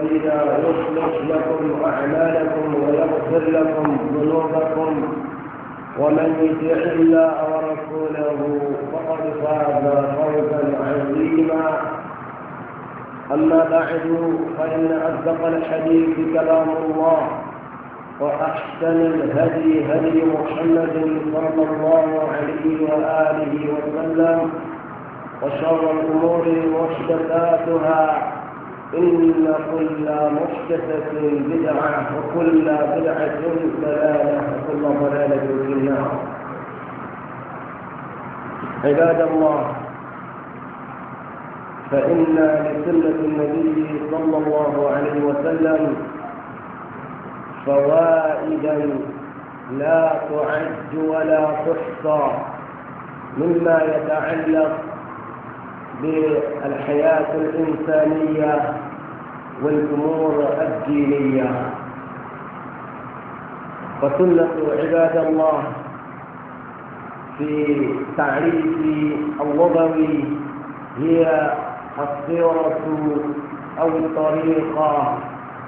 الذين يصلح لكم أعمالكم ويغفر لكم ذنوبكم ومن يطع الله ورسوله فقد فاز فوزا عظيما أما بعد فإن أصدق الحديث كلام الله وأحسن الهدي هدي محمد صلى الله عليه وآله وسلم وشر الأمور محدثاتها إن كل محدثة بدعة وكل بدعة ضلالة وكل ضلالة في النار عباد الله فإن لسنة النبي صلى الله عليه وسلم فوائدا لا تعد ولا تحصى مما يتعلق للحياة الإنسانية والأمور الدينية وسنة عباد الله في تعريف الوضوي هي الصيرة أو الطريقة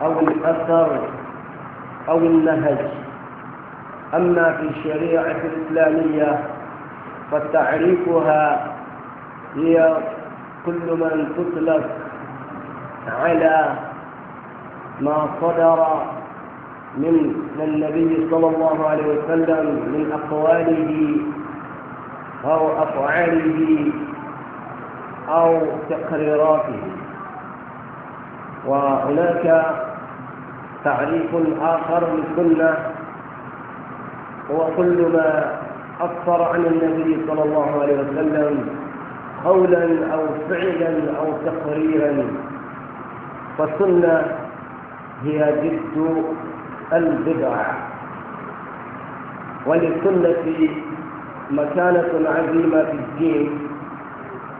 أو الأثر أو النهج أما في الشريعة الإسلامية فتعريفها هي كل من تطلق على ما صدر من النبي صلى الله عليه وسلم من أقواله أو أفعاله أو تقريراته وهناك تعريف آخر للسنة هو كل ما أكثر عن النبي صلى الله عليه وسلم قولا أو فعلا أو تقريرا فالسنة هي جد البدع وللسنة مكانة عظيمة في الدين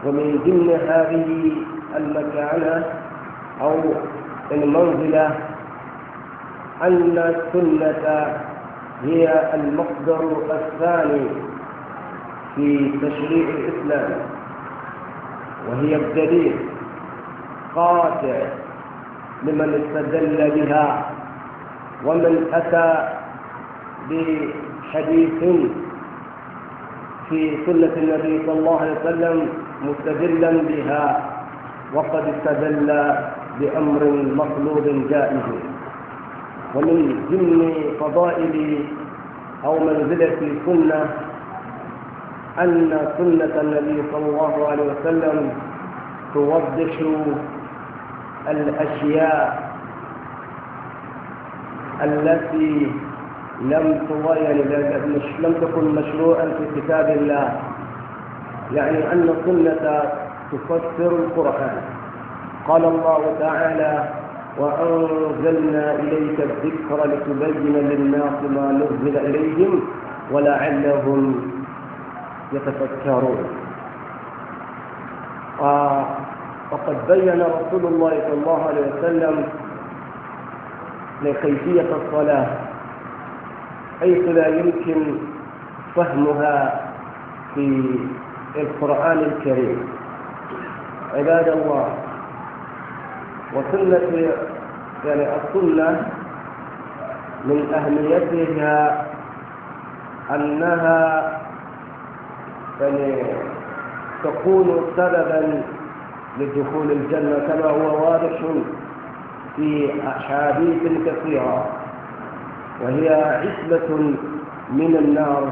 ومن ضمن هذه المكانة أو المنزلة أن السنة هي المقدر الثاني في تشريع الإسلام وهي الدليل قاطع لمن استدل بها ومن أتى بحديث في سنة النبي صلى الله عليه وسلم مستدلا بها وقد استدل بأمر مطلوب جائز ومن ضمن فضائل أو منزلة السنة أن سنة النبي صلى الله عليه وسلم توضح الأشياء التي لم يعني لم تكن مشروعا في كتاب الله يعني أن السنة تفسر القرآن قال الله تعالى وأنزلنا إليك الذكر لتبين للناس ما نزل إليهم ولعلهم يتفكرون آه، وقد بين رسول الله صلى الله عليه وسلم لكيفية الصلاة حيث لا يمكن فهمها في القرآن الكريم عباد الله وسنة يعني السنة من أهميتها أنها يعني تكون سببا لدخول الجنة كما هو واضح في أحاديث كثيرة وهي عتبة من النار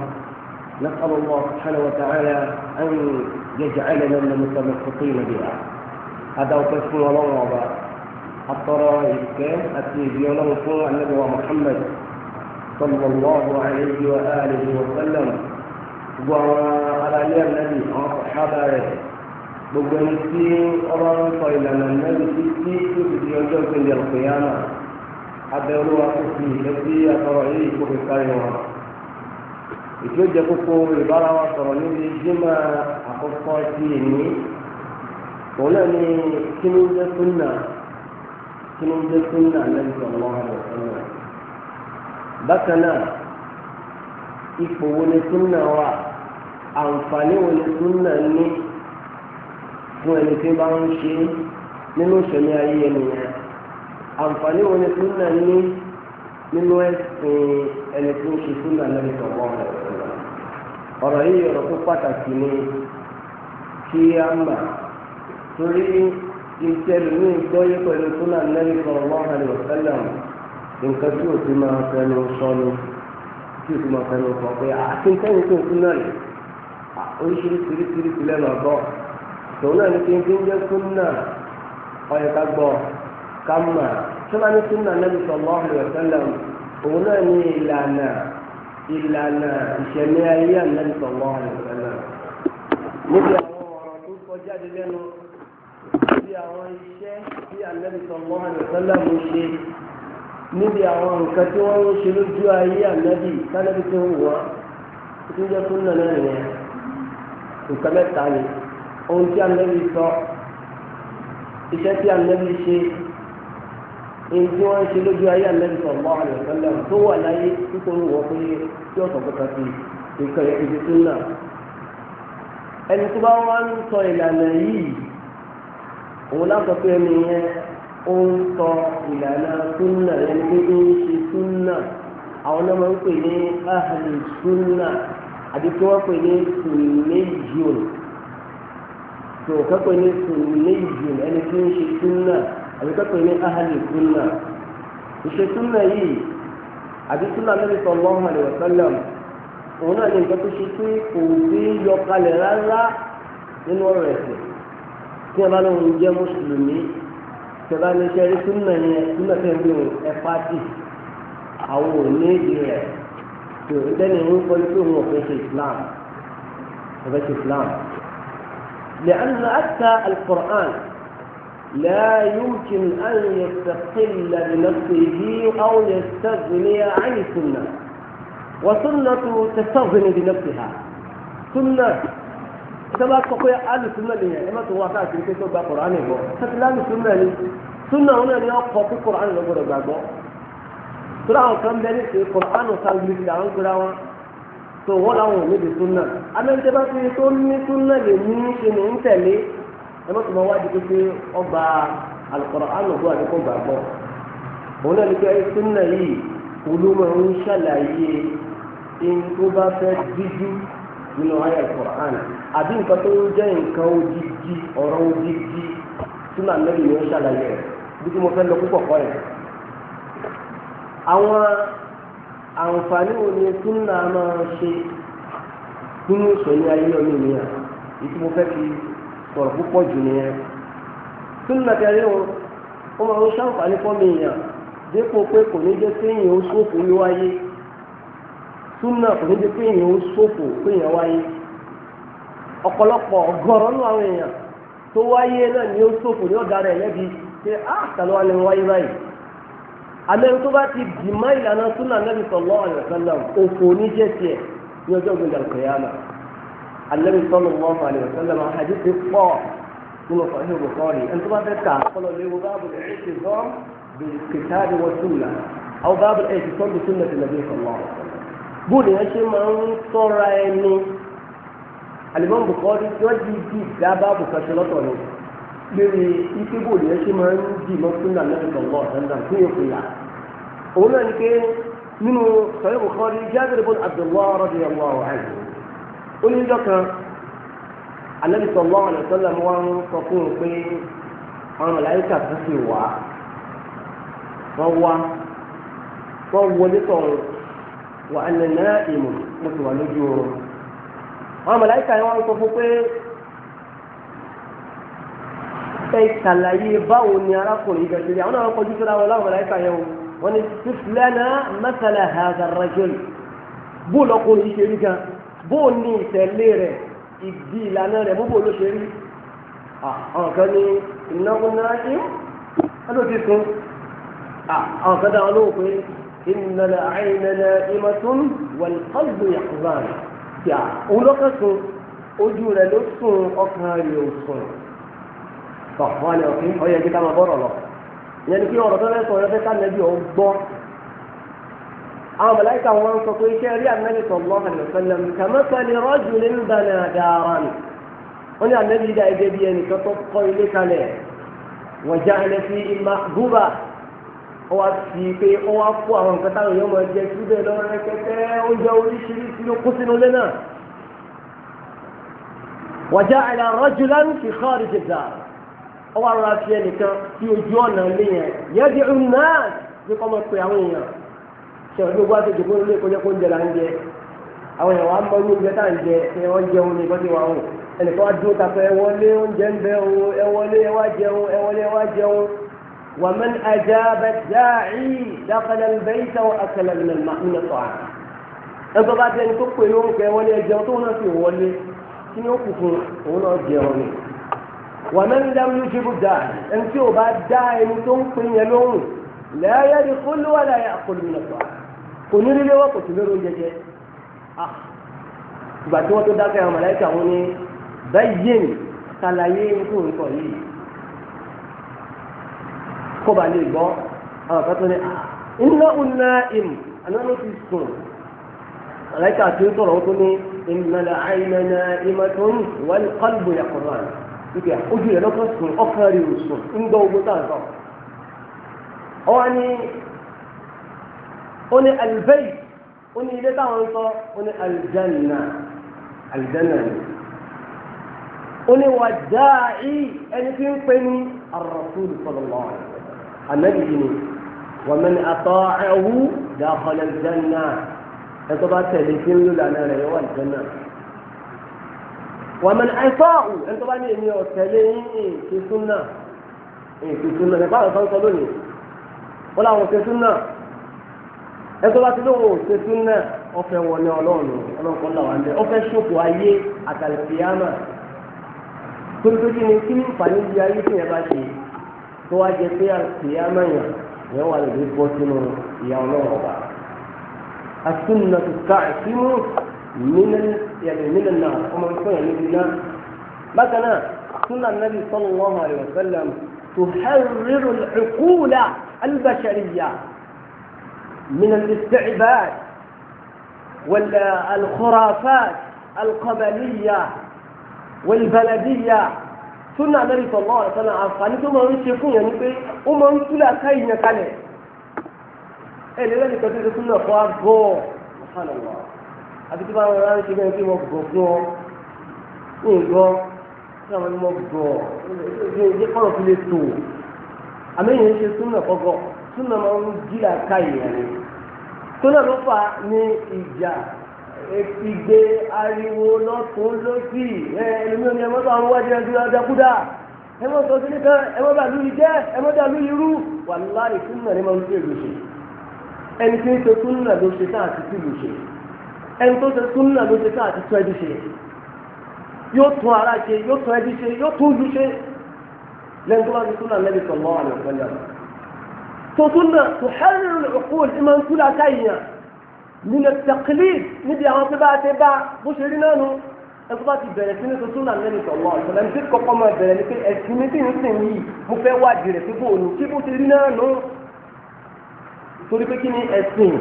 نسأل الله سبحانه وتعالى أن يجعلنا من المتمسكين بها هذا وكفر الله الطرائق التي الله النبي محمد صلى الله عليه وآله وسلم وعلى ilé ànábì àwọn sàhábà rẹ̀ gbogbo ẹni tí ọba ń sọ ìlànà ànábì tí tó ti di ọjọ́ ìpínlẹ̀ ọ̀pẹ̀yàmà abẹ́rú akókò ìfẹ́ sí àtọ̀rọ̀ yìí kó fi kárí wọn. ìjọ jẹ kókó ìbára wa sọ̀rọ̀ níbi jímọ̀ àkọ́kọ́ ti èmi òun náà ni kí ni jẹ́ súnà kí ni jẹ́ súnà ànábì sọ̀rọ̀ wọn bákan náà ipò wo ni súnà wà àǹfààní wo ni súnà ní fún ẹni tí bá ń ṣe nínú ìṣẹ̀lẹ̀ ayé ènìyàn àǹfààní wo ni súnà ní nínú ẹ̀sìn ẹni tí ń ṣe súnà lẹ́nu tọ̀wọ́ ọ̀rọ̀ yìí ọ̀rọ̀ tó pàtàkì ni kí á mà torí ìṣẹ̀lẹ̀ ní ìgbọ́yé pẹ̀lú súnà lẹ́nu tọ̀wọ́ àlẹ́ ọ̀sẹ̀lẹ̀ nǹkan tí ò ti máa fẹnu sọ ni tí ò ti máa fẹnu sọ pé àti ah, ń tẹ́yìn tó ń súnà yìí oríṣiríṣiríṣiríṣi lẹ́nu ọ̀gbọ́n tòun náà ní kí n ti ń jẹ́ súnà ọ̀yẹ̀ ká gbọ́ ká tí wọ́n ní súnà Nabi sallallahu alaihi wasallam òun náà ní ìlànà ìlànà ìṣẹ̀lẹ̀ ayé Nabi sallallahu alaihi wasallam níbi àwọn ọ̀rọ̀ tó kọjá di lẹ́nu níbi àwọn iṣẹ́ tí Nabi sallallahu alaihi wasallam ń ṣe níbi àwọn nǹkan tí wọ́n ń ṣe lójú ayé ànábì tánàbí tó ń wọ́n tó ń jẹ́ súnà náà nìyẹn nǹkan mẹ́ta ni ohun tí anabi sọ iṣẹ́ tí anabi ṣe ohun tí wọ́n ń ṣe lójú ayé anabi sọ ọmọ àlè ọ̀gbẹ́lẹ̀ tó wà láyé nítorí wọ́n pé tí ọ̀sọ̀ kọta sí nǹkan yẹn ti tún náà ẹni tó bá wá ń sọ ìlànà yìí òun láǹkọ pé ẹni yẹn ó ń sọ ìlànà súnà ẹni pé ń ṣe súnà àwọn ọmọ ń pè ní ahàlù súnà àbí tí wọ́n pè ní sunniyun tó kọ́ pè ní sunniyun ẹni tí ń ṣe sunna àbí kọ́ pè ní ahali sunna ìṣe sunna yìí àbí sunna Nabi sallallahu alaihi wasallam òun náà ní nǹkan tó ṣe pé kò sí yọkalẹ̀ rárá nínú ọ̀rọ̀ ẹ̀sìn tí wọ́n bá ní òun jẹ́ mùsùlùmí tí wọ́n bá ní iṣẹ́ rí sunna yẹn sunna tẹ̀ ń bí òun ẹ̀ pàtì àwọn òní ìdí rẹ̀. يعدني يقول له لأن القرآن لا يمكن أن يستقل بنفسه أو يستغني عن السنة وسنة تستغني بنفسها سنة سبا تقول أهل السنة لي إما تواقع في القرآن هو سنة هنا يقف في القرآن لبورة بعضه tó dáhùn kan bẹ ní ṣe kọ̀ọ̀kánù sáàgbé ti àwọn gbéra wọn tó wọ́n làwọn ò níbi súnà amẹ́ńtẹ́ bá ti tó ní súnà lè mú ṣe ní ń ke ẹ má tó máa wájú pé ọgbà alukọ̀ọ̀kánù bó àdékò gbàgbọ́ òun náà ní pé súnà yìí olúmọ̀ ń ṣàlàyé ẹni tó bá fẹ́ díjú nínú ayé alukọ̀ọ̀kánù àbí nǹkan tó ń jẹ́ nǹkan odidi ọ̀rọ̀ odidi súnà mẹ́rin ni ó ṣàlàyé rẹ̀ bí mo fẹ́ lọ púpọ̀ kọ́ yẹn àwọn àǹfààní wo ni súnà máa ṣe nínú ìṣòyìn ayé ọmọ ènìyàn ìtí mo fẹ́ fi sọ̀rọ̀ púpọ̀ jù nìyẹn súnà kẹrin o ó máa ń ṣàǹfààní fọ́mọ èèyàn dípò pé kò ní jẹ́ pé ó ṣòfò ní wáyé na kò ní jẹ́ pé ó ṣòfò pé wáyé ọ̀pọ̀lọpọ̀ ọ̀gọ̀rọ̀ nù àwọn èèyàn tó ni ó ṣòfò ní ọ̀gá rẹ̀ lẹ́bi pé ah, àmẹ́rin tó bá ti dì má ìlànà súnà nàbì sallallahu alaihi wasallam òfò ní jẹ́ tiẹ̀ ní ọjọ́ gbogbo àkọyàmà àlẹ́bí sallallahu alaihi wasallam àdìsí pọ̀ nínú ọ̀hìn Bukhari ẹni tó bá fẹ́ kà kọ́lọ̀ léwu báàbù ẹ̀ṣin ti sọ kìtàbí wọ́n súnà àwọn báàbù ẹ̀ṣin sọ́ọ̀bù súnà ti nàbì sallallahu bóòlù yẹn ṣe máa ń tọ́ra ẹni àlùmọ́ Bukhari tí ti di ìdá lórí ipe bò lè ṣe máa ń di mọ́túnlá lẹ́nu tọ̀gbọ́ ọ̀sánná fún èkó yà. òun náà ni pé nínú sọ̀rọ̀ Bukhari Jabir bin Abdullah radiyallahu anhu. ó ní ìjọ kan alẹ́nu tọ̀gbọ́ ọ̀sánná wọn ń sọ fún un pé àwọn màláíkà tó ti wà wọ́n wá wọ́n wọlé tọ̀hún wà á nà náà mo ti wà lójú oorun. àwọn màláíkà yẹn wọ́n sọ fún pé ẹ ṣàlàyé báwo ni arákùnrin ibẹ̀ ṣe rí àwọn àwọn kọjú síra wọn láwọn màláíkà yẹn o wọn ni sífìlẹ́nà mẹ́tàlá àgàràjọlì bó lọkùnrin yìí ṣe rí gan bó ní ìtẹ̀lé rẹ̀ ìdí ìlànà rẹ̀ bó bó ló ṣe rí àwọn kan ní ìnáwó náà ṣe wọn ló ti sùn àwọn kan dáhùn lóhùn pé ìnana àìnana ìmọ̀tún wàlúkọ́lù yàtúbà rẹ̀ rẹ̀ ò sùn tọ̀ wọ́n ní òfin ọ̀yẹ́ ẹ̀jẹ̀ ká máa bọ́rọ̀ lọ. ìyẹn ni kí ọ̀rọ̀ tó fẹ́ sọ ọ̀yọ́ fẹ́ ká nẹ́bí ọ̀hún gbọ́. àwọn mọ̀láìkà wọn sọ pé iṣẹ́ rí ànábì sallallahu alaihi wasallam kamathali rajulin bana daran. wọ́n ní ànábì dá ẹgbẹ́ bíi ẹnìkan tó kọ́ ilé kalẹ̀ wa ja'ala fihi mahbuba ó wá fi pé ó wá kó àwọn nǹkan táwọn èèyàn máa jẹ síbẹ̀ lọ́rẹ́ fi kharij ad-dar ọwọ́ àwọn afi ẹnìkan tí ojú ọ̀nà ilé yẹn yẹ́dì ọ̀nà bí kọ́ mọ̀ pé àwọn èèyàn ṣe ọ̀dọ́ gbogbo àti ìdìbò nílé ìkọjọ́ kó ń jẹ là ń jẹ àwọn èèyàn wà á mọ inú ìgbẹ́ tá à ń jẹ ẹ wọ́n jẹun ní ìkọ́jú wa hùn ẹnìkan wá dúró tapẹ́ ẹ wọlé oúnjẹ ń bẹ o ẹ wọlé ẹ wá jẹun ẹ wọlé ẹ wá jẹun wà mẹ́ni ajá bẹ dáì dákàlẹ̀ bẹ́ ìtàwọn akẹlẹ̀ nínú sọ̀rọ̀ ẹgbẹ́ bá tẹni tó pè wà náà ń dá mi jùlọ dá ẹni tí ò bá dá ẹni tó ń pè yẹn lóhùn lẹ́yà ni kó ló wà láyà àkọlù mi lọ́tọ̀ kò ní lílé wọ́n kò sí lórí oúnjẹ jẹ ah, ìgbà tí wọ́n tó dákẹ́ àwọn mọ̀lẹ́kà wọn ni báyìí ni ṣàlàyé ikú nǹkan yìí kó ba lè gbọ́ àwọn kan tó ní ah, iná una im àná ló ti sùn mọ̀lẹ́kà tó ń sọ̀rọ̀ wọn tó ní ìmọ̀lẹ́ àìmọ̀lẹ́ ìmọ̀tò wal qalbu yaqran ìgbà ojú rẹ̀ lọ́kàn sùn ọkàn rẹ̀ ò sùn ń gbọ́ ogun tá à ń sọ. ọwọ́ ni ó ní alibẹ́yì ó ní ilé táwọn ń sọ ó ní alìjánà alìjánà ni ó ní wà dáàí ẹni tí ń pè ní arọ́sùn sọlọ́lọ́ ànábì yìí ni wà mẹ́ni àtọ́ ẹ̀wú dàkọ̀lẹ̀ jẹ́nà ẹ̀ tó bá tẹ̀lé tí ń lò lánàá rẹ̀ yóò wà jẹ́nà. ومن أطاع أنت بقى مين يو تلين في السنة إيه في السنة ده بقى تنصلوني ولا هو في السنة أنت بقى تلوه في السنة ọfẹ wọlé Ọlọ́run Ọlọ́run kọ là wà ń bẹ ọfẹ ṣòfò ayé àtàlẹfìyàmà tóńtójú ni kí ní ìfàní di ayé tí yẹn bá ṣe tó wá jẹ pé àtìyàmà yẹn yẹn wà lóde bọ sínú ìyá Ọlọ́run ọba àtúnà tó ká ìfimú من يعني من النار وما يكون يعني من النار مثلا سنة النبي صلى الله عليه وسلم تحرر العقول البشرية من الاستعباد والخرافات القبلية والبلدية سنة النبي صلى الله عليه وسلم àǹfààní ثم máa يعني في أمم yẹn كاين pé ó máa تقول سنة ká سبحان الله àti tí báwọn ará ń ṣe bẹ́ẹ̀ kí wọ́n gọ̀ fún ọ ní ìgbọ́ kí wọ́n mọ̀ gọ̀ ṣe ṣe kọ́rọ̀ fi lè tò àmẹ́yìn ń ṣe súnmọ̀ kọ́kọ́ súnmọ̀ máa ń jí àká ìyẹn ni tó náà ló fà ní ìjà ìgbé ariwo lọ́tún lọ́sì ẹlòmí ọ̀nà ẹ̀mọ́ bá ń wájú ẹ̀dùn ọ̀dàkúdà ẹ̀mọ́ sọ sí nìkan ẹ̀mọ́ bá lórí jẹ́ ẹ̀mọ́ dà lórí irú wàláhì súnmọ̀ ni máa ń ṣe lòṣè ẹni tí ń ṣe súnmọ̀ lòṣè náà ti sí lòṣè ẹni tó ṣe súnà ló ṣe ká àti tún ẹbí ṣe yóò tún ara ṣe yóò tún ẹbí ṣe yóò tún ojú ṣe lẹ́yìn tó bá fi súnà lẹ́bi sọ̀lọ́ àlọ́ ìfẹ́lẹ́ rẹ̀. tó súnà tó hẹ́rìrì òkú òsì máa ń tú làákà èèyàn nílẹ̀ tẹ̀kílì níbi àwọn tó bá ṣe bá bó ṣe rí náà nu ẹkú bá ti bẹ̀rẹ̀ sí ní tó súnà lẹ́bi sọ̀lọ́ àlọ́ ìfẹ́lẹ́ kọ́kọ́ máa bẹ̀rẹ̀ ní pé ẹ̀sìn mi sì ń sìn yìí mo fẹ́ wádìí rẹ̀ pé bóun kí bó ṣe rí náà nu torí pé kí ni ẹ̀sìn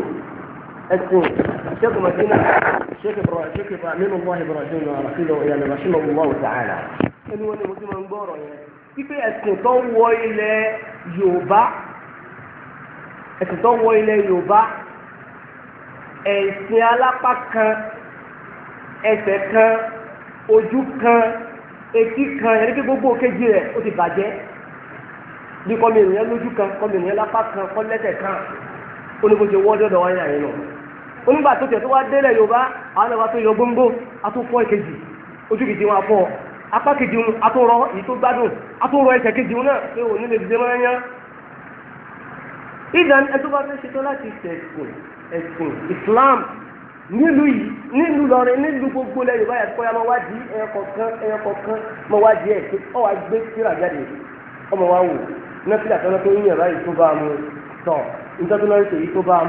ẹ̀sìn الشيخ مدينة الشيخ إبراهيم الشيخ أمين الله إبراهيم ورسوله يعني رحمه الله تعالى ẹni wọn ni mo ti máa ń gbọ́rọ̀ yẹn wípé ẹ̀sìn tó ń wọ ilẹ̀ Yorùbá ẹ̀sìn tó ń wọ ilẹ̀ Yorùbá ẹ̀sìn alápá kan ẹsẹ̀ kan ojú kan etí kan ẹni pé gbogbo kejì rẹ̀ ó ti bàjẹ́ bí kọ́mi ènìyàn lójú kan kọ́mi ènìyàn lápá kan kọ́ lẹ́sẹ̀ kan ó ní bó ṣe wọ́ dọ́dọ̀ wáyà yẹn lọ onígbà tó tẹ̀ tó wá délẹ̀ yorùbá àwọn ọba tó yọ gbóngbó atúfọ́ ìkejì ojú kejì wọn afọ apá kejì wọn atúrọ èyí tó gbádùn atúrọ ẹsẹ̀ kejì wọn náà pé òní lè dìde mọ́ ẹyán. ìdán ẹ bá fẹ́ ṣetán láti ṣẹ̀sìn ẹ̀sìn Islam nílùú yìí nílùú lọrin nílùú gbogbo lẹ yorùbá yàtọ̀ ya máa wá di ẹ̀kọ̀kan ẹ̀kọ̀kan máa wá di ẹ̀ pé ọ wá gbé síra jáde ọmọ wa wò náà sílẹ̀ àtọ́nà tó ń yàrá yìí tó bá a mú tọ̀ nítorí náà ń ṣèyí tó bá a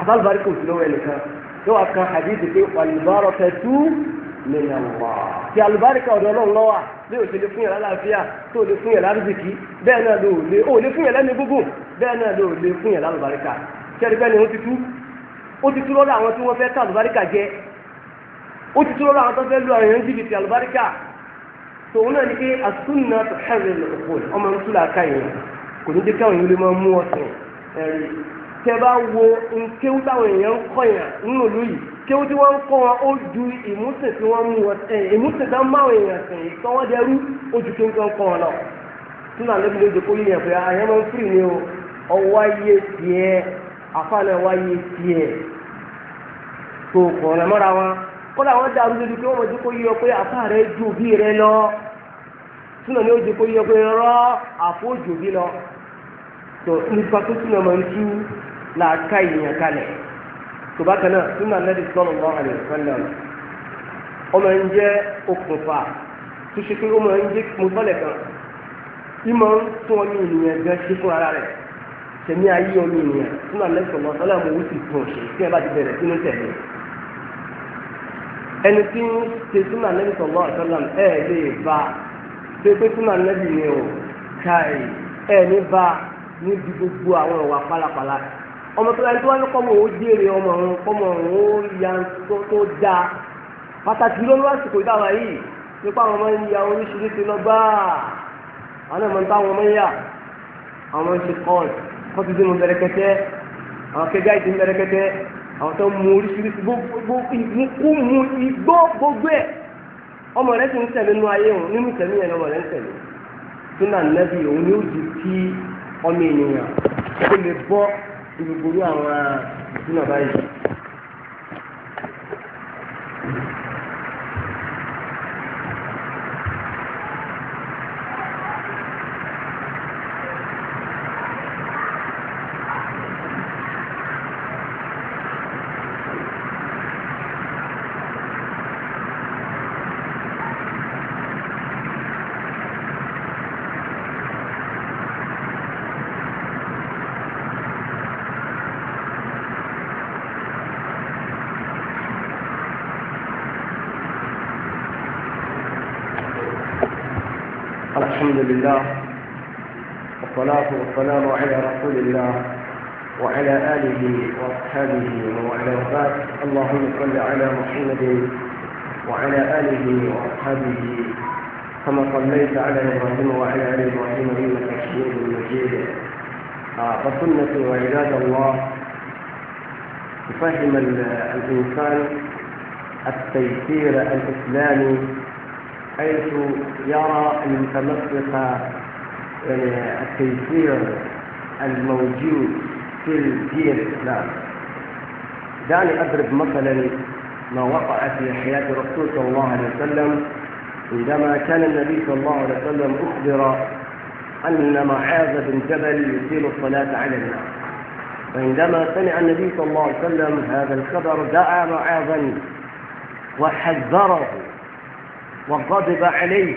àbálùbárí kò sí lọ́wọ́ ẹnìkan yóò wá kan àdìsí pé àlùbárọ̀ tẹ̀tú nínú ọ̀wọ́. ti àlùbárí kan ọ̀dọ̀ ọlọ́run lọ́wọ́ bí o ṣe lè fún yàrá láàfíà tó o lè fún yàrá rìsìkì bẹ́ẹ̀ náà ló lè o lè fún yàrá ní gbogbo bẹ́ẹ̀ náà ló lè fún yàrá àlùbáríkà kẹ́rì bẹ́ẹ̀ ni ó ti tú ó ti tú lọ́dọ̀ àwọn tí wọ́n fẹ́ ká àlùbáríkà jẹ ó ti tú lọ́dọ̀ àwọn tó fẹ́ lu àyàn jìbìtì àlùbáríkà tòun náà ni pé àtúnná tó hẹ́rẹ́ lọ́pọ̀ ọmọ nítorí àká yẹn kò ní jẹ́ káwọn yìí lè máa mú ọ̀sẹ̀ ẹ̀rí tẹ́bá wo nkéwú táwọn èèyàn ń kọ́ yàn nínú ìlú yìí kéwú tí wọ́n ń kọ́ wọn ó ju tí wọ́n mú wọn eh, ẹ̀ tí wọ́n èèyàn yìí tọ́wọ́ ju kéwú wọ́n kọ́ wọn lọ. túnà lẹ́bi ló dé kó yíyan pé àyàn ah, máa ń fìrì ní o ọwọ́ ayé tiẹ̀ ọwọ́ ayé tiẹ̀ tó ọ̀nà mọ́ra wọn kódà wọ́n dàrú lójú pé wọ́n mọ̀ dípò yíyọ pé pé láàká ìyẹn kalẹ̀ tòbákan náà súnmọ́ anábì sallallahu alaihi wasallam ọmọ ń jẹ́ okùnfà tó ṣe pé ó máa ń jẹ́ mọ́tọ́lẹ̀ kan tí máa ń tún ọmọ ènìyàn gan ṣe fún ara rẹ̀ tẹ̀mí ayé ọmọ ènìyàn súnmọ́ anábì sallallahu alaihi wasallam owó ti tún ṣe tí ẹ bá ti bẹ̀rẹ̀ sínú tẹ̀lé ẹni tí ń ṣe súnmọ́ anábì sallallahu alaihi wasallam ẹ̀ lè bá pé pé súnmọ́ ni ò káì ẹ̀ ní bá níbi gbogbo àwọn ìwà pálapàla ọmọ tó ẹni tó wá ní kọ́mọ òun jèrè ọmọ ya tó dáa pàtàkì ló ń wá sìkò yìí nípa àwọn ọmọ ya oríṣiríṣi lọ àwọn ọmọ ń àwọn ọmọ ń yà àwọn ń ṣe kọ́ọ̀lù kọ́tù sínú bẹ̀rẹ̀kẹ́tẹ́ àwọn akẹ́gbẹ́ bẹ̀rẹ̀kẹ́tẹ́ àwọn tó mu oríṣiríṣi gbogbo ọmọ rẹ ti ń tẹ̀lé ayé nínú ìtẹ̀lé yẹn ọmọ rẹ ń tẹ̀lé òun ni gbogbo àwọn ìdúnà báyìí. الحمد لله والصلاة والسلام على رسول الله وعلى آله وأصحابه وعلى وفاته اللهم صل على محمد وعلى آله وأصحابه كما صليت على إبراهيم وعلى آل إبراهيم إنك حميد مجيد آه، فسنة وعباد الله تفهم الإنسان التيسير الإسلامي حيث يرى المتمسك آه، التيسير الموجود في الدين الاسلام دعني أضرب مثلا ما وقع في حياة الرسول صلى الله عليه وسلم عندما كان النبي صلى الله عليه وسلم أخبر أن معاذ بن جبل يطيل الصلاة على الناس فعندما سمع النبي صلى الله عليه وسلم هذا الخبر دعا معاذا وحذره وغضب عليه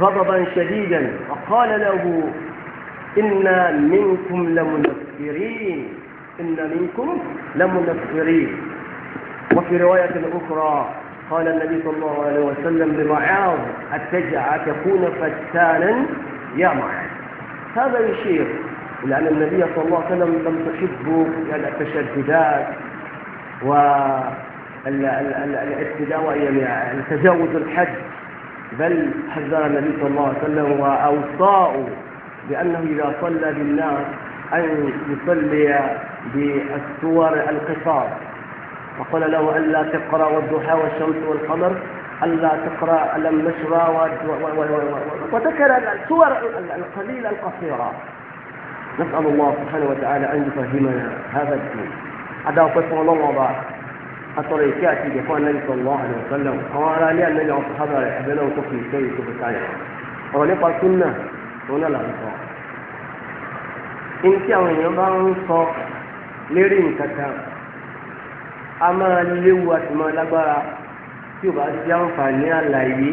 غضبا شديدا وقال له إنا منكم لمنفرين إن منكم لمنفرين وفي رواية أخرى قال النبي صلى الله عليه وسلم لمعاذ أتجع تكون فتانا يا معاذ هذا يشير إلى أن النبي صلى الله عليه وسلم لم تحبه يعني التشددات و الابتداء تجاوز الحد بل حذر النبي صلى الله عليه وسلم وأوصاه بأنه إذا صلى بالناس أن يصلي بالسور القصار وقال له ألا تقرأ والضحى والشمس والقمر ألا تقرأ ألم نشرى وذكر السور القليلة القصيرة نسأل الله سبحانه وتعالى أن يفهمنا هذا الدين هذا قسم الله بعد atọrọ ìṣe àti ìdẹ̀fọ́ anábì sallallahu alaihi wasallam àwọn ará ilé anábì àwọn sàhábà rẹ̀ abẹ́ náà tó fi ìṣe ìṣe fi kalẹ̀ ọ̀rọ̀ nípa súnà òun náà là ń sọ. ní tí àwọn èèyàn bá ń sọ lérí nǹkan kan a máa léwu àti máa lágbára tí o bá ti àǹfààní àlàyé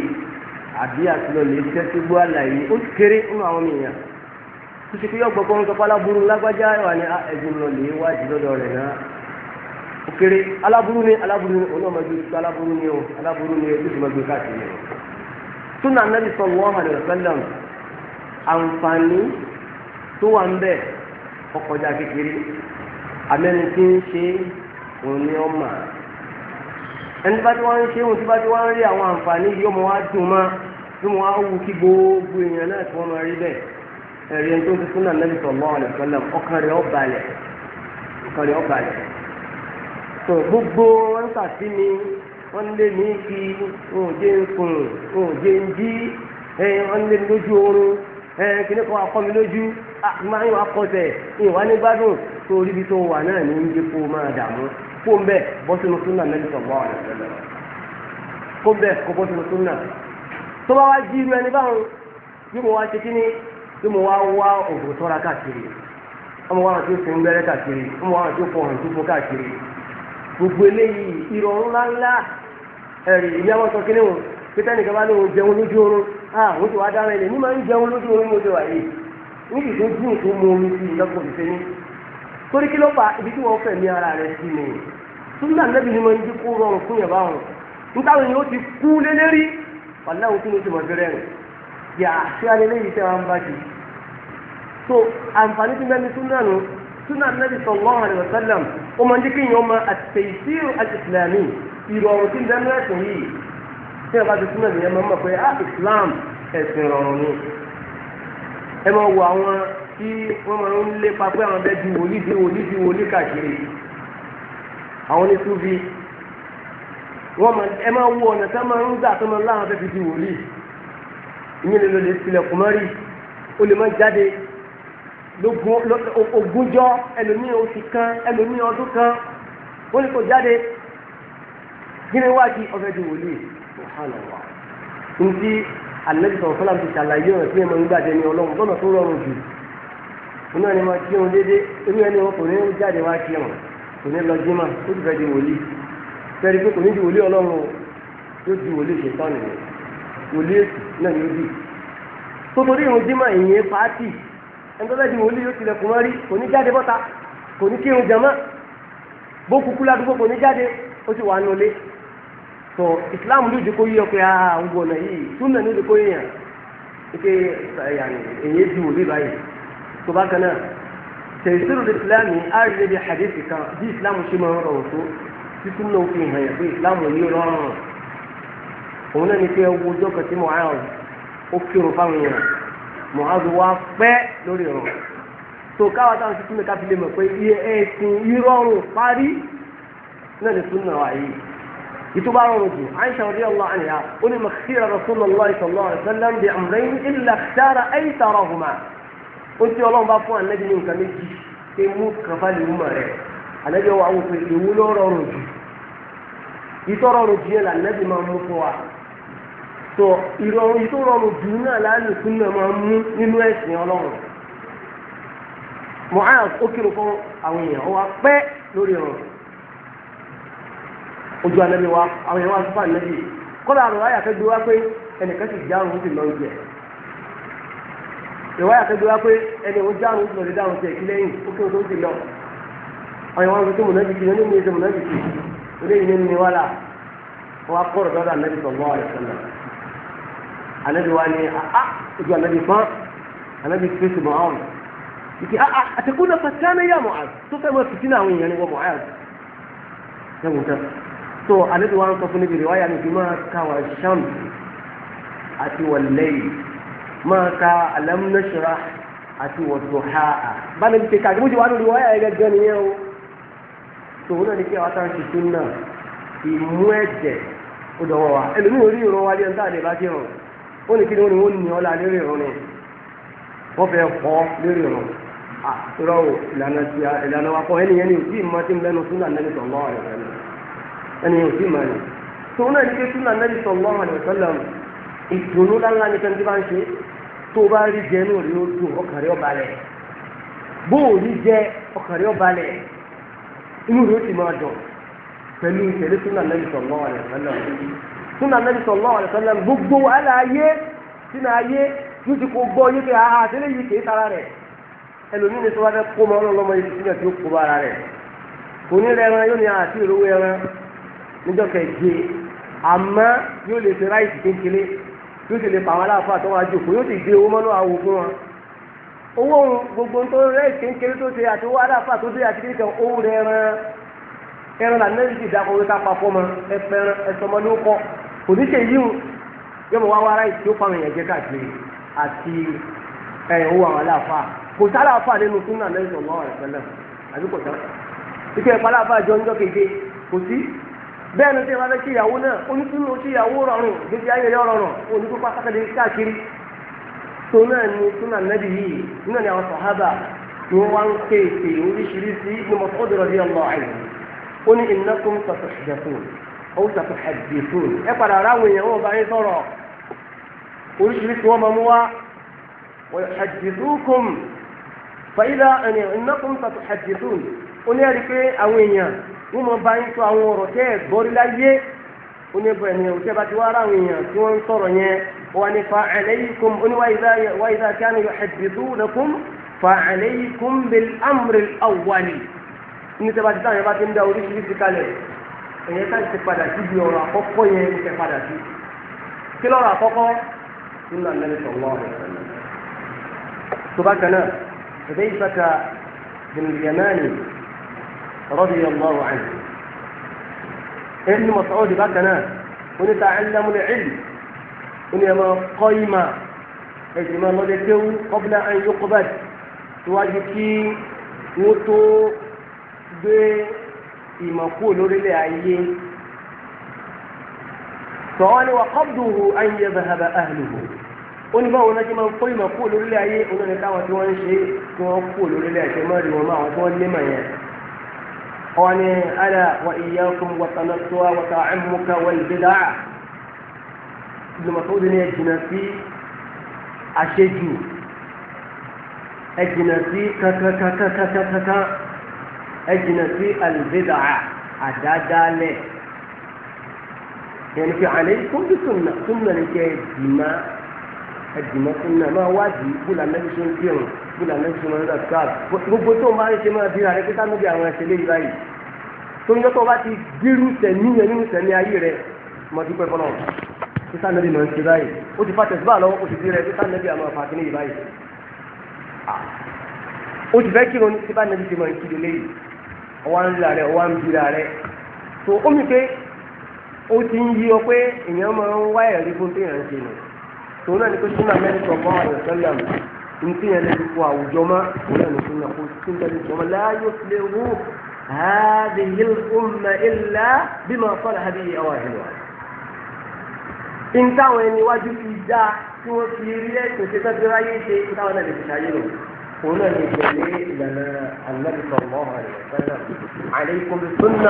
àbí àtúnlọ̀lẹ̀ iṣẹ́ tó gbọ́ àlàyé ó ti kéré nínú àwọn èèyàn tó ṣe pé yọ̀gbọ̀n pálábùrú lágbájá wà ní ah, ẹ̀dùn lọ̀lẹ̀ wájú lọ́dọ̀ rẹ̀ náà. òkèrè aláburú ni aláburú ni oní ni o aláburú ni o ìṣúná o. súnà nàbì sallallahu alaihi wasallam àǹfààní tó wà ń bẹ ọkọjà kékeré àmẹ́ni tí ń ṣe òní ọmọ ẹni wa gbogbo náà tó ti sallallahu alaihi wasallam tó gbogbo wọn kàtí mi wọn lé mi kí wọn ò ń sùn wọn ò ń jí wọn lé mi lójú oorun kìnnì kan akọ mi lójú máa ń wá kọsẹ̀ ìwà ní gbádùn tó rí ibi tó wà náà ní kó máa dààmú kó ń súnà ọ̀nà kó ń kó súnà tó bá wá gbogbo eléyìí ìrọ̀rùn ńláńlá ẹ̀rì ìyá wọn sọ kí ni wọn pété nìkan bá ní jẹun lójú oorun ah òun ti wá dára ẹ̀ ní máa ń jẹun lójú oorun mo ti wà yìí níbi tó dùn tó mu omi sí ìlọ́pọ̀ ìfẹ́ ní torí kí ló fà ibi tí wọ́n fẹ̀mí ara rẹ̀ sí ni túnbí ànábì ni mo ń dín kó rọrùn fún yàrá wọn nítawọn èèyàn ó ti kú lélẹ́rí wàláwo kí ló ti mọ̀ fẹ́rẹ́ rẹ̀ yà á ṣé alẹ́ lẹ́yìn tẹ́ wọn bá jù so àǹfààní tí mẹ́ni tún náà súnà nàbì sallallahu alaihi wasallam ó máa ń jẹ́ kí èèyàn máa àtẹ̀síù al-islami ìrọ̀rùn tí ń bẹ́ẹ̀ mẹ́sàn yìí tí wọ́n bá ti súnà nìyẹn máa mọ̀ pé á ah, islam ẹ̀sìn ìrọ̀rùn ni ẹ máa wọ àwọn tí wọ́n máa ń lépa pé àwọn bẹ́ẹ̀ di wòlíì di wòlíì di wòlíì káàkiri àwọn ní túbí wọ́n máa ẹ máa wọ ọ̀nà tí wọ́n máa ń gbà tó máa láwọn fẹ́ fi di wòlíì ìyẹn lè lọ lè tilẹ̀kùn mọ́rí ó lè má jáde ogúnjọ́ ẹlòmí oṣù kan ẹlòmí ọdún kan ó ní kò jáde gíní wájú ọbẹ̀ di wòlíì subhanallah n ti alẹ́bìsọ̀ fúlàmù ti ṣàlàyé ọ̀rọ̀ tí ẹ̀mọ́ nígbà jẹni ọlọ́run tọ́nà tó rọrùn jù inú ẹni máa kírun déédéé inú ẹni wọn kò ní jáde wá kírun kò ní lọ jímà ó ti fẹ́ di wòlíì fẹ́ẹ́rì pé kò ní di wòlíì ọlọ́run yóò di wòlíì ṣètọ́ nìyẹn wòlíì èsì náà yóò di tó torí ìrun jímà ìyẹn pàátì ẹnitọ́lá di wòlíì yóò tilẹ̀ kùn wọ́n rí kò ní jáde bọ́ta kò ní kírun jẹ̀mọ́ bó kúkú ládùúgbò kò ní jáde ó sì wà nulẹ̀ tó ìsìláàmù ló dìkó yíyọ pé aa ń bọ̀ ọ̀nà yìí túnmẹ̀ ló dìkó yíyàn ike èyí di wòlíì báyìí tó bá kan náà tẹ̀síìrù ìsìláàmù àrílẹ̀ bí hadith kan bí ìsìláàmù ṣe máa ń rọrùn tó títún náà fi hàn yàn pé ìsìláàmù yìí rọrùn òun náà ní pé ọwọ́ ọjọ́ kan tí mo Mu'adh wá pẹ́ lórí ìrọ̀ tó káwa táwọn tuntun mẹ́ta fi lè mọ̀ pé iye ẹ̀sìn ìrọ̀rùn parí náà ní súnà wà yìí ìtúbà rọrùn jù Aisha radiyallahu anha ó ní mọ̀kíra Rasulullah sallallahu alaihi wasallam bi amrayn illa ikhtara aytarahuma ó ti ọlọ́run bá fún ànábì ní nǹkan méjì pé mú kàfá lè mú rẹ̀ ànábì ọwọ́ àwọn òfin ìwúlọ́ rọrùn jù ìtọ́ rọrùn jù yẹn là tó ìrọ̀rùn yìí tó rọrùn jù náà láàyè fún náà máa mú nínú ẹ̀sìn ọlọ́run Mu'az ó kírun fún àwọn èèyàn ó wá pẹ́ lórí ọ̀rọ̀ ojú alẹ́bí wa àwọn èèyàn wá fún àlẹ́bí kọ́lá àrùn ayà kẹgbẹ́ wá pé ẹnìkan sì já òun sì lọ jẹ ìwà ayà kẹgbẹ́ wá pé ẹnì òun já òun sì lọ lè dá òun ẹ̀kí lẹ́yìn ó kí tó sì lọ àwọn èèyàn wá fún tó mọ̀nàbìkì ní onímọ̀ èdè mọ̀nàbìkì olóyìn nínú ni wá là wọ́n á kọ́ ọ̀rọ̀ dọ́dọ̀ àlẹ́bí sọ̀rọ̀ anabi wa ni aa ah, ah, ojú anabi fún anabi fèsì mọ àwọn ìkí aa àtẹkùn náà fàtánà yà mọ àyè tó fẹ́ mọ fìtínà àwọn èèyàn ni wọ́n mọ àyè ẹ̀wọ̀n kan so anabi wa ń sọ fún níbi rẹ̀ wáyà níbi máa ka wà sàm àti wà lẹ́yìn máa ka alámúnáṣọ́ra àti wà dùhà á báyìí ti ká àgbébójú wa lórí wáyà ẹ̀gẹ́ gan nìyẹn o so wọn náà ní kí àwọn ti tún náà ìmú ẹ̀jẹ̀ ó dọ̀wọ́ wa ẹlòmíràn wa ní ẹ̀ ń tà lè bá wọ́n ní kí ni wọ́n ní wọ́n ní ọlá lérí ìrún ni wọ́n fẹ́ kọ́ lérí ìrún àtúrọ̀ o ìlànà ti ìlànà wa kọ́ ẹnìyẹn ni òtí ìmọ̀ tí ń lẹ́nu súnà nẹ́bí sọ̀lọ́ àlùfẹ́lẹ̀ ẹnìyẹn òtí ìmọ̀ ni tòun náà ní pé súnà nẹ́bí sọ̀lọ́ àlùfẹ́lẹ̀ ìdùnnú lánlá ni fẹ́ntì bá ń ṣe tó bá rí jẹ inú rí ó dùn ọkàn rí ọba lẹ̀ bó ò rí jẹ ọkàn rí ọba lẹ̀ inú rí ó ti máa dùn pẹ̀lú ìṣẹ̀lẹ̀ súnà nẹ́bí sọ̀lọ́ àlùfẹ́lẹ̀ súnà nàbì sallallahu alaihi wasallam gbogbo wàhálà ayé sínú ayé yóò ti kó gbọ́ yé pé àhà àtẹ́lẹ́ yìí kì í tara rẹ̀ ẹlòmíì ní sọ́wọ́dẹ́ kó mọ ọlọ́mọ yìí sínú ẹ̀sìn òkú bá ara rẹ̀ kò ní rẹ̀ ẹran yóò ní àti ìrówó ẹran níjọ́ kẹ̀jẹ àmọ́ yóò lè ṣe ráìsì kékeré yóò sì lè pa àwọn aláàfáà tó wá jòkó yóò sì gbé owó mọ́nú àwò fún wọn owó gbogbo tó ráìsì kékeré tó pòsíṣẹ̀ yìí yóò mọ̀ wá wá ráì tí ó fáwọn èèyàn jẹ́ káàkiri àti owó àwọn aláàfáà kò sára àfà nínú súnà lẹ́yìn ọ̀nà ọ̀rẹ́ pẹ̀lẹ́ àbí kò sára ike ìpalá àfà jọ ńjọ́ keje kò sí bẹ́ẹ̀ ni tí fẹ́ kí ìyàwó náà onísùnú kí ìyàwó rọrùn gbèsè ayé yọ rọrùn oníkó pátákàdé káàkiri tó náà ni súnà nẹ́bí yìí náà ni àwọn sàhábà ni wọ́n wá ń ké ètè oríṣiríṣi ní mọ̀tò ó sàtò àdìfò ẹ padà ráwọ èèyàn wọn bá yín sọ̀rọ̀ oríṣiríṣi wọn máa mú wá àdìfòkùn fàyídà ẹni ìnákùn sàtò àdìfòn ó ní ẹrí pé àwọn èèyàn wọn máa bá yín sọ àwọn ọ̀rọ̀ tẹ́ ẹ gbọ́rí láyé ó ní bọ ènìyàn òtẹ́ bá ti wá èèyàn tí wọ́n ń sọ̀rọ̀ yẹn wọn ni fa àlẹ́yìnkùn ó ní wáyídà kí á ní yọ àdìfòkùn ẹ̀yẹ ká ti padà sí ibi ọ̀rọ̀ àkọ́kọ́ yẹn ń fẹ́ padà sí kí lọ́rọ̀ àkọ́kọ́ nínú àlẹ́ sọ̀rọ̀ ọ̀rọ̀ tó bá kan náà ẹ̀bẹ́ ìfẹ́ka bìnnìyàmáàni rọ́bì ọlọ́rọ̀ àyè ẹni mọ̀sọ́ọ́dì bá kan náà wọ́n ní ta ẹlẹ́múlẹ̀ ẹ̀lì wọ́n ní ẹ máa kọ́ ìmà ẹ̀sìn máa lọ́dẹ kéwú kọ́bílà ayé yókùbàdì síwájú kí wọ́n tó gbé ìmọ̀kú lórílẹ̀ ayé sọ̀wọ́n ni wà kọ́bùdùhù ayé bàbá àhìlùhù ó ní báwo lọ́jọ́ máa ń kó ìmọ̀kú lórílẹ̀ ayé òun ní káwọn tí wọ́n ń ṣe tí wọ́n kú lórílẹ̀ ayé máa wọn máa wọn tí lé mọ̀ yẹn. wọ́n ní ala wa iyyakum wa tanassuwa wa ta'ammuka wal bid'a Ibn Mas'ud ní ẹ jìnnà sí àṣejù ẹ sí kankankankankankankan ẹ̀jìnà sí àlùbẹ́dà àdádálẹ̀ yẹn fi àlẹ́ kóńtù súnà súnà ní kẹ́ ẹ̀jìnà ẹ̀jìnà súnà máa wádìí bùlà mẹ́rin ṣe ń kírun bùlà mẹ́rin ṣe máa ń rà káàb gbogbo tó ń bá ń ṣe máa bí rárẹ̀ kíkà níbi àwọn ẹ̀ṣẹ̀ lé ìbáyìí tó ń yọtọ̀ bá ti dírú sẹ̀mí yẹn nínú sẹ̀mí ayé rẹ̀ mọ̀dúpẹ́ fọlọ́ kíkà níbi máa ń ti fàtẹ̀síbà lọ́wọ́ ó ti di rẹ̀ ti fẹ́ ní kíkà níbi ti wá ń là rẹ̀ wá ń bira rẹ̀ tó ó mi pé ó ti ń yí ọ pé èèyàn máa ń wá ẹ̀rí fún tí èèyàn ń ṣe nù tó náà ni pé súnà mẹ́rin sọ fún àwọn mi ní tí èèyàn lè fún àwùjọ mọ́ òun náà ni súnà kó tí ń tẹ́lẹ̀ sọmọ láàyò lè wú هذه الأمة إلا بما صلح به أواخرها in táwọn ẹni wájú fi dá tí wọ́n fi rí ẹ̀sìn ṣe tọ́jú ráyé ṣe táwọn náà lè fi ṣayé النبي صلى الله عليه وسلم عليكم بالسنة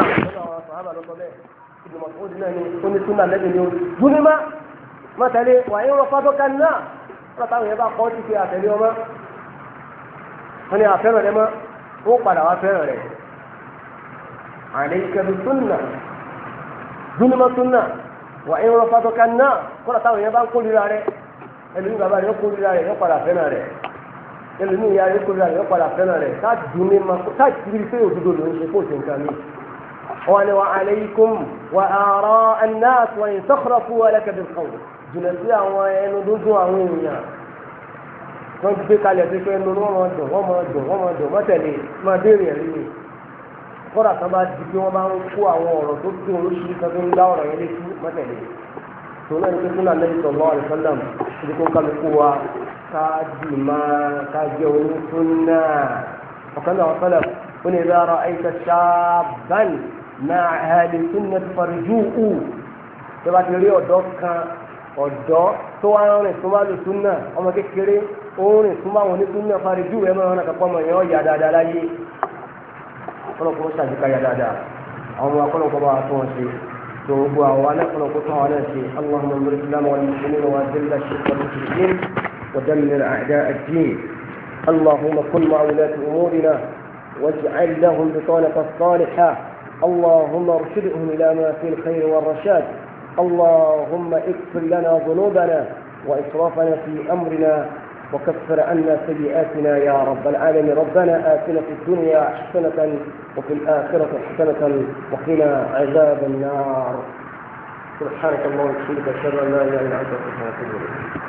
صحابة الله ابن مسعود náà ni ó ní súnà lẹ́gbẹ̀ẹ́ ni ó dúní má má tẹ̀lé wàá yín rọ́pá tó ká náà wọ́n táwọn yẹn bá kọ́ ti fi àtẹ̀lé ọmọ wọ́n ní àfẹ́ràn rẹ mọ́ ó padà wá fẹ́ràn rẹ. عليك بالسنة dúní má súnà wàá yín rọ́pá tó ká náà wọ́n táwọn yẹn bá ń kó lura rẹ ẹlòmíì bàbá rẹ ó kó lura rẹ ó padà fẹ́ràn rẹ ẹlòmíì ya ayé kórìíra rẹ̀ padà fẹ́ràn rẹ̀ ká dùn ní ma ká kiri pé òdodo ló ń ṣe kó ṣe nǹkan mi. wọn ni wa aleikum wa ara ẹnna àtúwọ̀n yìí sọ́kọ̀rọ̀ fún wa lẹ́kẹ̀dẹ̀ kan jùlọ sí àwọn ẹnu dúndún àwọn èèyàn wọn gbé kalẹ̀ pé pé ẹnu wọn máa dùn wọn máa dùn wọn máa dùn wọn tẹ̀lé máa béèrè rí mi. kọ́ra kan bá di pé wọ́n bá ń kó àwọn ọ̀rọ̀ tó dùn oríṣiríṣi kan tó ń dá ọ̀rọ̀ yẹn létí mọ́tẹ̀lé. tòun náà ní pé fúnà lẹ́yìn sọ̀rọ̀ àlùfáà náà káàdì máa kájẹ onísúnà ọ̀kan náà fẹ́lẹ̀ ó ní rárá ẹ̀ka ṣáàbán náà ẹ̀ẹ́dì súnà fàrjú ù tó bá ti rí ọ̀dọ́ kan ọ̀dọ́ tó wá rìn tó bá lù súnà ọmọ kékeré ó rìn tó bá wọn ní súnà fàrjú ẹ̀ máa rán kápá ọmọ yẹn ọ̀yà dáadáa láyé kọ́lọ́kọ́ ṣàdúkà yà dáadáa àwọn ọmọ akọ́lọ́kọ́ بقى tó wọn ṣe توبوا وانا قلنا قطعنا في اللهم انظر الاسلام والمسلمين ودمر أعداء الدين اللهم كن مع ولاة أمورنا واجعل لهم بطانة صالحة اللهم ارشدهم إلى ما في الخير والرشاد اللهم اغفر لنا ذنوبنا وإسرافنا في أمرنا وكفر عنا سيئاتنا يا رب العالمين ربنا آتنا في الدنيا حسنة وفي الآخرة حسنة وقنا عذاب النار سبحانك اللهم وبحمدك أشهد أن لا إله إلا أنت أستغفرك وأتوب إليك